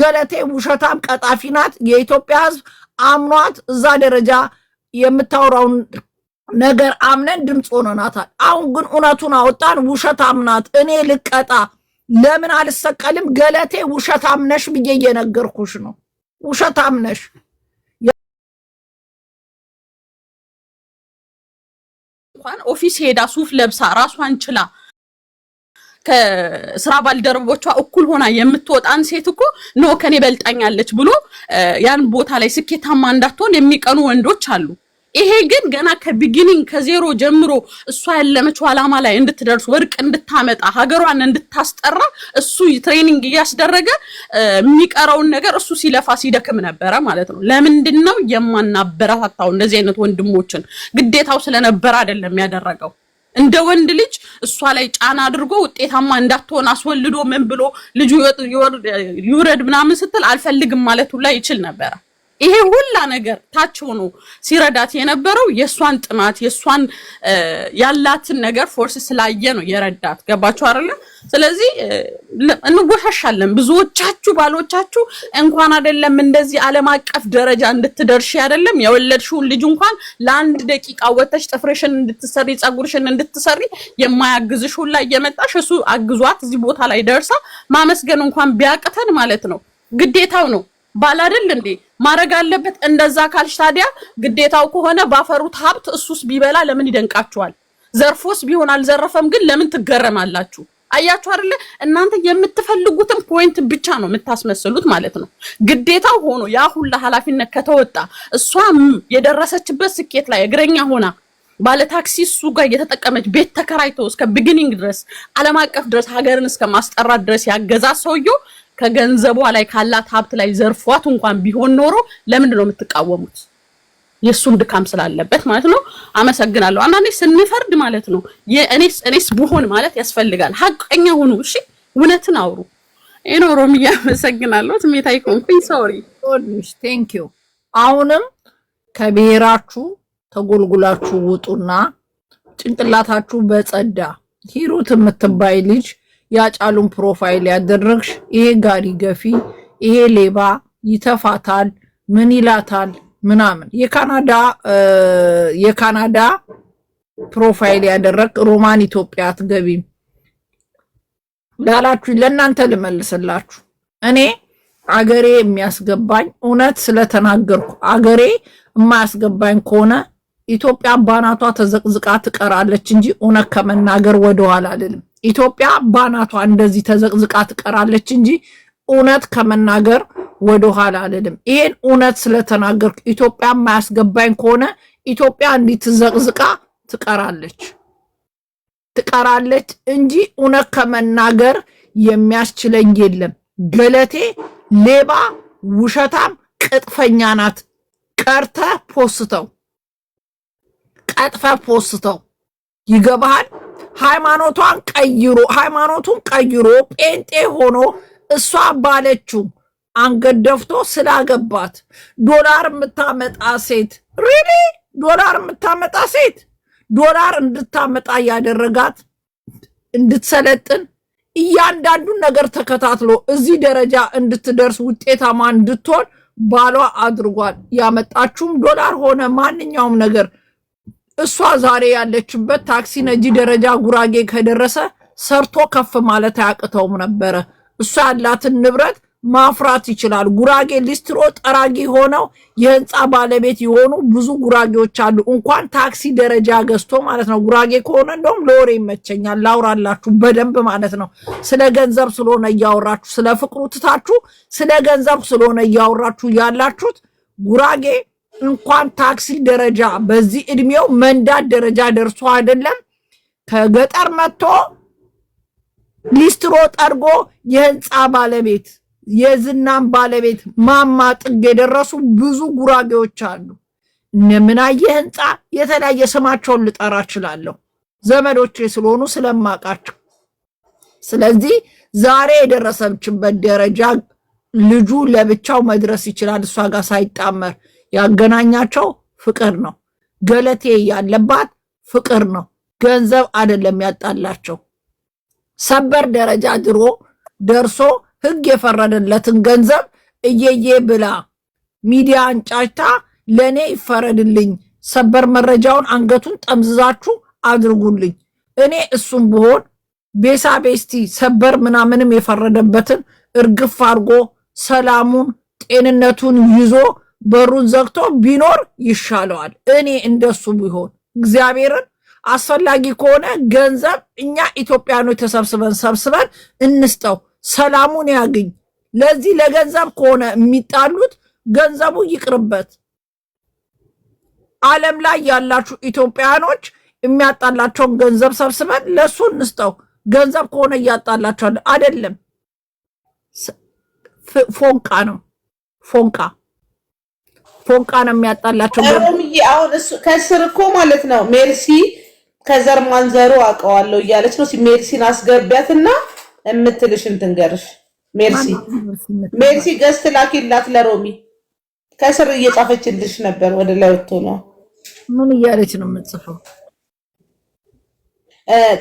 ገለቴ ውሸታም ቀጣፊ ናት። የኢትዮጵያ ሕዝብ አምኗት እዛ ደረጃ የምታወራውን ነገር አምነን ድምፅ ሆነናታል። አሁን ግን እውነቱን አወጣን። ውሸታም ናት። እኔ ልቀጣ ለምን አልሰቀልም? ገለቴ ውሸታም ነሽ ብዬ እየነገርኩሽ ነው። ውሸታም ነሽ። ኦፊስ ሄዳ ሱፍ ለብሳ ራሷን ችላ ከስራ ባልደረቦቿ እኩል ሆና የምትወጣን ሴት እኮ ኖ ከኔ በልጣኛለች ብሎ ያን ቦታ ላይ ስኬታማ እንዳትሆን የሚቀኑ ወንዶች አሉ። ይሄ ግን ገና ከቢጊኒንግ ከዜሮ ጀምሮ እሷ ያለመችው ዓላማ ላይ እንድትደርስ ወርቅ እንድታመጣ ሀገሯን እንድታስጠራ እሱ ትሬኒንግ እያስደረገ የሚቀረውን ነገር እሱ ሲለፋ ሲደክም ነበረ ማለት ነው። ለምንድን ነው የማናበረታታው? እንደዚህ አይነት ወንድሞችን ግዴታው ስለነበረ አይደለም ያደረገው። እንደ ወንድ ልጅ እሷ ላይ ጫና አድርጎ ውጤታማ እንዳትሆን አስወልዶ ምን ብሎ ልጁ ይውረድ ምናምን ስትል አልፈልግም ማለቱ ላይ ይችል ነበረ። ይሄ ሁላ ነገር ታች ሆኖ ሲረዳት የነበረው የእሷን ጥማት የእሷን ያላትን ነገር ፎርስ ስላየ ነው የረዳት። ገባችሁ አይደለ? ስለዚህ እንጎሻሻለን ብዙዎቻችሁ ባሎቻችሁ እንኳን አይደለም እንደዚህ ዓለም አቀፍ ደረጃ እንድትደርሺ አይደለም የወለድሽውን ልጅ እንኳን ለአንድ ደቂቃ ወተሽ ጥፍርሽን እንድትሰሪ ጸጉርሽን እንድትሰሪ የማያግዝሽ ሁላ እየመጣሽ እሱ አግዟት እዚህ ቦታ ላይ ደርሳ ማመስገን እንኳን ቢያቅተን ማለት ነው ግዴታው ነው ባል አይደል እንዴ ማድረግ አለበት። እንደዛ ካልሽ ታዲያ ግዴታው ከሆነ ባፈሩት ሀብት እሱስ ቢበላ ለምን ይደንቃችኋል? ዘርፎስ ቢሆን አልዘረፈም ግን ለምን ትገረማላችሁ? አያችሁ አይደለ? እናንተ የምትፈልጉትን ፖይንት ብቻ ነው የምታስመስሉት ማለት ነው። ግዴታው ሆኖ ያ ሁላ ኃላፊነት ከተወጣ እሷ የደረሰችበት ስኬት ላይ እግረኛ ሆና ባለ ታክሲ እሱ ጋር እየተጠቀመች ቤት ተከራይቶ እስከ ቢግኒንግ ድረስ ዓለም አቀፍ ድረስ ሀገርን እስከ ማስጠራት ድረስ ያገዛ ሰውየው ከገንዘቧ ላይ ካላት ሀብት ላይ ዘርፏት እንኳን ቢሆን ኖሮ ለምንድን ነው የምትቃወሙት? የእሱም ድካም ስላለበት ማለት ነው። አመሰግናለሁ። አንዳንዴ ስንፈርድ ማለት ነው የእኔስ እኔስ ብሆን ማለት ያስፈልጋል። ሀቀኛ ሁኑ፣ እሺ፣ እውነትን አውሩ። ይኖ ሮሚያ አመሰግናለሁ። ስሜታዊ ኮንኩኝ። ሶሪ ቴንክ ዩ። አሁንም ከብሔራችሁ ተጎልጉላችሁ ውጡና ጭንቅላታችሁ በጸዳ ሂሩት የምትባይ ልጅ ያጫሉን ፕሮፋይል ያደረግሽ ይሄ ጋሪ ገፊ ይሄ ሌባ ይተፋታል ምን ይላታል ምናምን የካናዳ የካናዳ ፕሮፋይል ያደረግ ሮማን ኢትዮጵያ አትገቢም ላላችሁኝ ለእናንተ ልመልስላችሁ። እኔ አገሬ የሚያስገባኝ እውነት ስለተናገርኩ፣ አገሬ የማያስገባኝ ከሆነ ኢትዮጵያ ባናቷ ተዘቅዝቃ ትቀራለች እንጂ እውነት ከመናገር ወደኋላ አልልም። ኢትዮጵያ ባናቷ እንደዚህ ተዘቅዝቃ ትቀራለች እንጂ እውነት ከመናገር ወደኋላ አልልም። ይሄን እውነት ስለተናገርኩ ኢትዮጵያ ማያስገባኝ ከሆነ ኢትዮጵያ እንዲትዘቅዝቃ ትቀራለች ትቀራለች እንጂ እውነት ከመናገር የሚያስችለኝ የለም። ገለቴ ሌባ፣ ውሸታም፣ ቅጥፈኛ ናት። ቀርተ ፖስተው ቀጥፈ ፖስተው ይገባሃል። ሃይማኖቷን ቀይሮ ሃይማኖቱን ቀይሮ ጴንጤ ሆኖ እሷ ባለችው አንገት ደፍቶ ስላገባት ዶላር የምታመጣ ሴት ሪሊ ዶላር የምታመጣ ሴት ዶላር እንድታመጣ ያደረጋት እንድትሰለጥን እያንዳንዱን ነገር ተከታትሎ እዚህ ደረጃ እንድትደርስ ውጤታማ እንድትሆን ባሏ አድርጓል። ያመጣችውም ዶላር ሆነ ማንኛውም ነገር እሷ ዛሬ ያለችበት ታክሲ ነጂ ደረጃ ጉራጌ ከደረሰ ሰርቶ ከፍ ማለት አያቅተውም ነበረ። እሷ ያላትን ንብረት ማፍራት ይችላል። ጉራጌ ሊስትሮ ጠራጊ ሆነው የህንፃ ባለቤት የሆኑ ብዙ ጉራጌዎች አሉ። እንኳን ታክሲ ደረጃ ገዝቶ ማለት ነው። ጉራጌ ከሆነ እንደውም ለወሬ ይመቸኛል፣ ላውራላችሁ በደንብ ማለት ነው። ስለ ገንዘብ ስለሆነ እያወራችሁ፣ ስለ ፍቅሩ ትታችሁ ስለ ገንዘብ ስለሆነ እያወራችሁ ያላችሁት ጉራጌ እንኳን ታክሲ ደረጃ በዚህ እድሜው መንዳት ደረጃ ደርሶ አይደለም ከገጠር መጥቶ ሊስትሮ ጠርጎ የህንፃ ባለቤት የዝናም ባለቤት ማማ ጥግ የደረሱ ብዙ ጉራጌዎች አሉ። እነምናየ ህንፃ የተለያየ ስማቸውን ልጠራ እችላለሁ ዘመዶቼ ስለሆኑ ስለማቃቸው። ስለዚህ ዛሬ የደረሰችበት ደረጃ ልጁ ለብቻው መድረስ ይችላል። እሷ ጋር ሳይጣመር ያገናኛቸው ፍቅር ነው። ገለቴ ያለባት ፍቅር ነው። ገንዘብ አይደለም ያጣላቸው። ሰበር ደረጃ ድሮ ደርሶ ህግ የፈረደለትን ገንዘብ እየዬ ብላ ሚዲያ አንጫጭታ ለእኔ ይፈረድልኝ፣ ሰበር መረጃውን አንገቱን ጠምዝዛችሁ አድርጉልኝ። እኔ እሱም ብሆን ቤሳ ቤስቲ ሰበር ምናምንም የፈረደበትን እርግፍ አድርጎ ሰላሙን ጤንነቱን ይዞ በሩን ዘግቶ ቢኖር ይሻለዋል። እኔ እንደሱ ቢሆን እግዚአብሔርን አስፈላጊ ከሆነ ገንዘብ እኛ ኢትዮጵያኖች ተሰብስበን ሰብስበን እንስጠው፣ ሰላሙን ያግኝ። ለዚህ ለገንዘብ ከሆነ የሚጣሉት ገንዘቡ ይቅርበት። ዓለም ላይ ያላችሁ ኢትዮጵያኖች የሚያጣላቸውን ገንዘብ ሰብስበን ለእሱ እንስጠው። ገንዘብ ከሆነ እያጣላቸዋል አይደለም። ፎንቃ ነው ፎንቃ ፎንቃ ነው የሚያጣላቸው። አሁን ከስር እኮ ማለት ነው ሜርሲ ከዘር ማንዘሩ አውቀዋለሁ እያለች ነው። ሜርሲን አስገቢያትና እንትን ገርሽ ሜርሲ ሜርሲ ገስት ላኪላት ለሮሚ ከስር እየጻፈችልሽ ነበር። ወደ ላይ ወጥቶ ነው ምን እያለች ነው የምትጽፈው?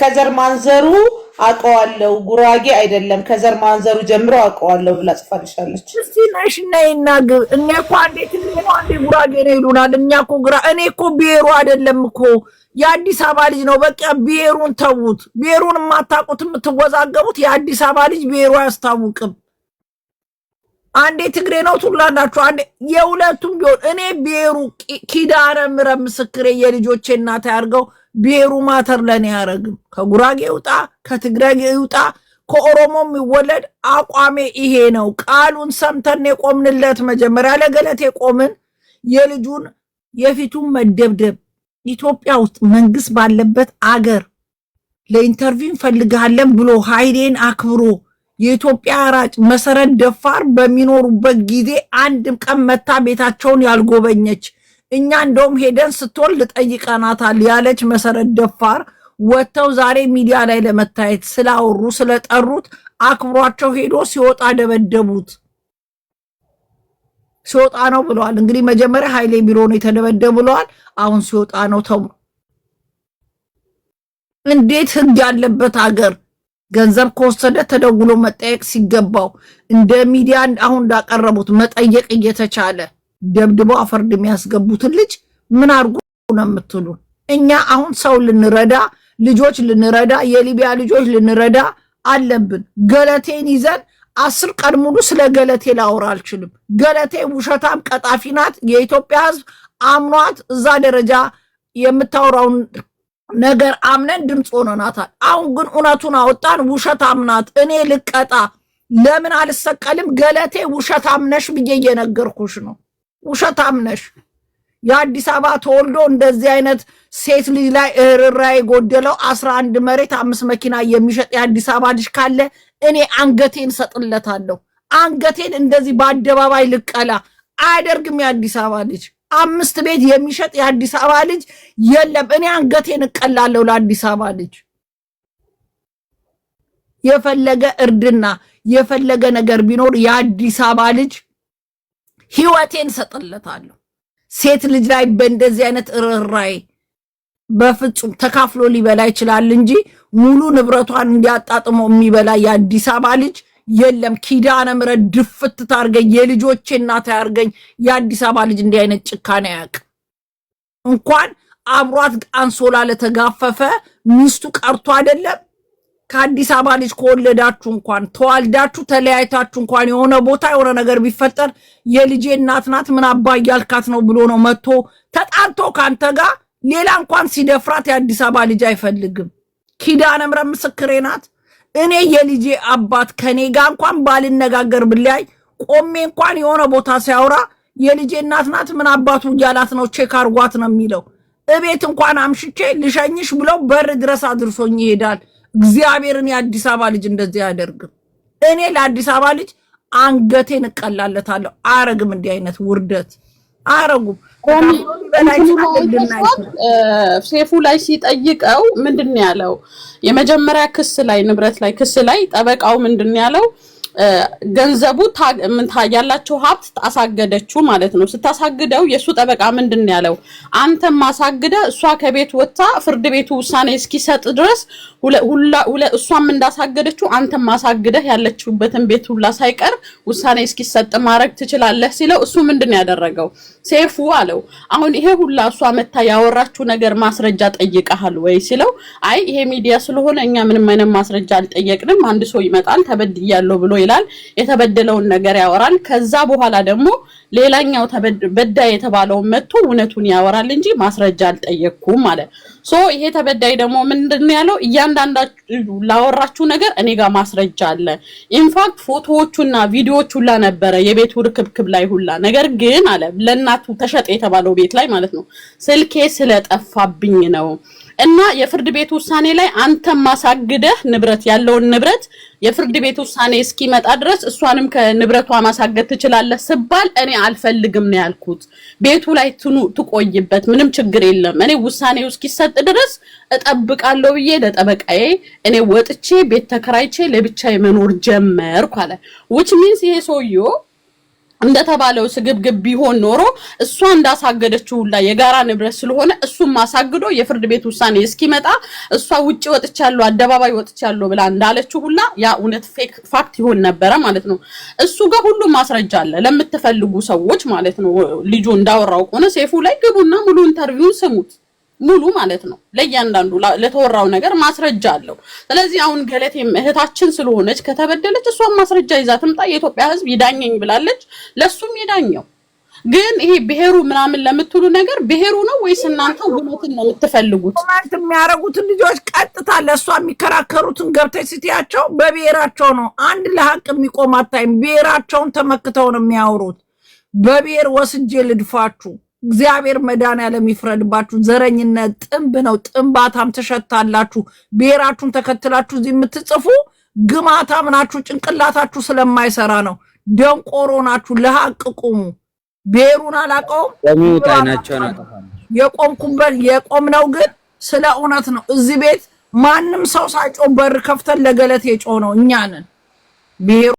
ከዘር ማንዘሩ አውቀዋለሁ ጉራጌ አይደለም ከዘር ማንዘሩ ጀምሮ አውቀዋለሁ ብላ ጽፋልሻለች። እስቲ ነሽ ነይ እና ግብ እኛ እኮ ነው አንዴ ጉራጌ ነው ይሉናል። እኛ እኮ ጉራ እኔ እኮ ብሔሩ አይደለም እኮ የአዲስ አበባ ልጅ ነው። በቃ ብሔሩን ተዉት። ብሔሩን የማታውቁት የምትወዛገቡት የአዲስ አበባ ልጅ ብሔሩ አያስታውቅም። አንዴ ትግሬ ነው ትላላችሁ፣ አንዴ የሁለቱም ቢሆን እኔ ብሔሩ ኪዳነ ምሕረት ምስክሬ የልጆቼ እናት ያርገው። ብሔሩ ማተር ለእኔ አያረግም። ከጉራጌ ይውጣ፣ ከትግራጌ ይውጣ፣ ከኦሮሞ የሚወለድ አቋሜ ይሄ ነው። ቃሉን ሰምተን የቆምንለት መጀመሪያ ለገለቴ ቆምን። የልጁን የፊቱን መደብደብ ኢትዮጵያ ውስጥ መንግስት ባለበት አገር ለኢንተርቪው እንፈልግሃለን ብሎ ሀይሌን አክብሮ የኢትዮጵያ ራጭ መሰረት ደፋር በሚኖሩበት ጊዜ አንድም ቀን መታ ቤታቸውን ያልጎበኘች እኛ እንደውም ሄደን ስትወልድ ጠይቀናታል ያለች መሰረት ደፋር ወጥተው ዛሬ ሚዲያ ላይ ለመታየት ስላወሩ ስለጠሩት አክብሯቸው ሄዶ ሲወጣ ደበደቡት። ሲወጣ ነው ብለዋል። እንግዲህ መጀመሪያ ኃይሌ ቢሮ ነው የተደበደቡ ብለዋል። አሁን ሲወጣ ነው ተብሎ እንዴት ህግ ያለበት ሀገር ገንዘብ ከወሰደ ተደውሎ መጠየቅ ሲገባው እንደ ሚዲያ አሁን እንዳቀረቡት መጠየቅ እየተቻለ ደብድበው አፈር የሚያስገቡትን ልጅ ምን አድርጎ ነው የምትሉ? እኛ አሁን ሰው ልንረዳ ልጆች ልንረዳ የሊቢያ ልጆች ልንረዳ አለብን። ገለቴን ይዘን አስር ቀን ሙሉ ስለ ገለቴ ላወራ አልችልም። ገለቴ ውሸታም ቀጣፊ ናት። የኢትዮጵያ ሕዝብ አምኗት እዛ ደረጃ የምታወራውን ነገር አምነን ድምፅ ሆነናታል። አሁን ግን እውነቱን አወጣን። ውሸታም ናት። እኔ ልቀጣ ለምን አልሰቀልም? ገለቴ ውሸታም ነሽ ብዬ እየነገርኩሽ ነው። ውሸታም ነሽ። የአዲስ አበባ ተወልዶ እንደዚህ አይነት ሴት ልጅ ላይ እርራ የጎደለው አስራ አንድ መሬት አምስት መኪና የሚሸጥ የአዲስ አበባ ልጅ ካለ እኔ አንገቴን ሰጥለታለሁ። አንገቴን እንደዚህ በአደባባይ ልቀላ አያደርግም የአዲስ አበባ ልጅ አምስት ቤት የሚሸጥ የአዲስ አበባ ልጅ የለም። እኔ አንገቴን እቀላለሁ ለአዲስ አበባ ልጅ የፈለገ እርድና የፈለገ ነገር ቢኖር የአዲስ አበባ ልጅ ህይወቴን ሰጥለታለሁ። ሴት ልጅ ላይ በእንደዚህ አይነት እርራይ በፍጹም ተካፍሎ ሊበላ ይችላል እንጂ ሙሉ ንብረቷን እንዲያጣጥሞ የሚበላ የአዲስ አበባ ልጅ የለም ኪዳነ ምሕረት ድፍት ታርገኝ፣ የልጆቼ እናት ያርገኝ። የአዲስ አበባ ልጅ እንዲህ አይነት ጭካኔ ያቅ እንኳን አብሯት አንሶላ ለተጋፈፈ ሚስቱ ቀርቶ አይደለም ከአዲስ አበባ ልጅ ከወለዳችሁ እንኳን ተዋልዳችሁ ተለያይታችሁ እንኳን የሆነ ቦታ የሆነ ነገር ቢፈጠር የልጄ እናት ናት ምን አባ እያልካት ነው ብሎ ነው መጥቶ ተጣልቶ ካንተ ጋር ሌላ እንኳን ሲደፍራት የአዲስ አበባ ልጅ አይፈልግም። ኪዳነ ምሕረት ምስክሬ ናት። እኔ የልጄ አባት ከኔ ጋር እንኳን ባልነጋገር ብለያይ ቆሜ እንኳን የሆነ ቦታ ሲያወራ የልጄ እናት ናት ምን አባቱ እያላት ነው ቼክ አርጓት ነው የሚለው። እቤት እንኳን አምሽቼ ልሸኝሽ ብለው በር ድረስ አድርሶኝ ይሄዳል። እግዚአብሔርን የአዲስ አበባ ልጅ እንደዚህ አያደርግም። እኔ ለአዲስ አበባ ልጅ አንገቴን እቀላለታለሁ። አረግም እንዲህ አይነት ውርደት አረጉም ሴፉ ላይ ሲጠይቀው ምንድን ያለው? የመጀመሪያ ክስ ላይ ንብረት ላይ ክስ ላይ ጠበቃው ምንድን ያለው? ገንዘቡ ያላቸው ሀብት አሳገደችው ማለት ነው። ስታሳግደው የእሱ ጠበቃ ምንድን ያለው? አንተም ማሳግደ እሷ ከቤት ወጥታ ፍርድ ቤቱ ውሳኔ እስኪሰጥ ድረስ እሷም እንዳሳገደችው አንተም ማሳግደህ ያለችውበትን ቤት ሁላ ሳይቀር ውሳኔ እስኪሰጥ ማድረግ ትችላለህ ሲለው እሱ ምንድን ያደረገው? ሴፉ አለው አሁን ይሄ ሁላ እሷ መታ ያወራችው ነገር ማስረጃ ጠይቀሃል ወይ ሲለው አይ ይሄ ሚዲያ ስለሆነ እኛ ምንም አይነት ማስረጃ አልጠየቅንም፣ አንድ ሰው ይመጣል ተበድያለሁ ብሎ ይላል። የተበደለውን ነገር ያወራል። ከዛ በኋላ ደግሞ ሌላኛው በዳይ የተባለውን መጥቶ እውነቱን ያወራል እንጂ ማስረጃ አልጠየቅኩም ማለት ሶ ይሄ ተበዳይ ደግሞ ምንድን ያለው እያንዳንዳችሁ ላወራችሁ ነገር እኔ ጋር ማስረጃ አለ። ኢንፋክት ፎቶዎቹና ቪዲዮዎች ሁላ ነበረ የቤቱ ርክብክብ ላይ ሁላ ነገር ግን አለ ለእናቱ ተሸጠ የተባለው ቤት ላይ ማለት ነው ስልኬ ስለጠፋብኝ ነው እና የፍርድ ቤት ውሳኔ ላይ አንተም ማሳግደህ ንብረት ያለውን ንብረት የፍርድ ቤት ውሳኔ እስኪመጣ ድረስ እሷንም ከንብረቷ ማሳገድ ትችላለህ ስባል እኔ አልፈልግም ነው ያልኩት። ቤቱ ላይ ትኑ ትቆይበት፣ ምንም ችግር የለም። እኔ ውሳኔው እስኪሰጥ ድረስ እጠብቃለሁ ብዬ ለጠበቃዬ እኔ ወጥቼ ቤት ተከራይቼ ለብቻ መኖር ጀመርኩ አለ። ዊች ሚንስ ይሄ ሰውዬው እንደተባለው ስግብግብ ቢሆን ኖሮ እሷ እንዳሳገደችው ሁላ የጋራ ንብረት ስለሆነ እሱም ማሳግዶ የፍርድ ቤት ውሳኔ እስኪመጣ እሷ ውጭ ወጥቻለሁ፣ አደባባይ ወጥቻለሁ ብላ እንዳለችው ሁላ ያ እውነት ፌክ ፋክት ይሆን ነበረ ማለት ነው። እሱ ጋር ሁሉም ማስረጃ አለ ለምትፈልጉ ሰዎች ማለት ነው። ልጁ እንዳወራው ከሆነ ሴፉ ላይ ግቡና ሙሉ ኢንተርቪውን ስሙት። ሙሉ ማለት ነው። ለእያንዳንዱ ለተወራው ነገር ማስረጃ አለው። ስለዚህ አሁን ገለቴም እህታችን ስለሆነች ከተበደለች እሷን ማስረጃ ይዛ ትምጣ። የኢትዮጵያ ሕዝብ ይዳኘኝ ብላለች። ለሱም ይዳኘው። ግን ይሄ ብሔሩ ምናምን ለምትሉ ነገር ብሔሩ ነው ወይስ እናንተ ውሎትን ነው የምትፈልጉት? ማለት የሚያደርጉትን ልጆች ቀጥታ ለእሷ የሚከራከሩትን ገብተች ስትያቸው በብሔራቸው ነው። አንድ ለሀቅ የሚቆም አታይም። ብሔራቸውን ተመክተው ነው የሚያወሩት። በብሔር ወስጄ ልድፋችሁ እግዚአብሔር መድኃኒዓለም ይፍረድባችሁ። ዘረኝነት ጥንብ ነው። ጥንባታም ትሸታላችሁ። ብሔራችሁን ተከትላችሁ እዚህ የምትጽፉ ግማታም ናችሁ። ጭንቅላታችሁ ስለማይሰራ ነው። ደንቆሮ ናችሁ። ለሀቅ ቁሙ። ብሔሩን አላቀውም የቆምኩበት ነው ግን ስለ እውነት ነው። እዚህ ቤት ማንም ሰው ሳይጮህ በር ከፍተን ለገለት የጮህ ነው እኛንን ብሔሩ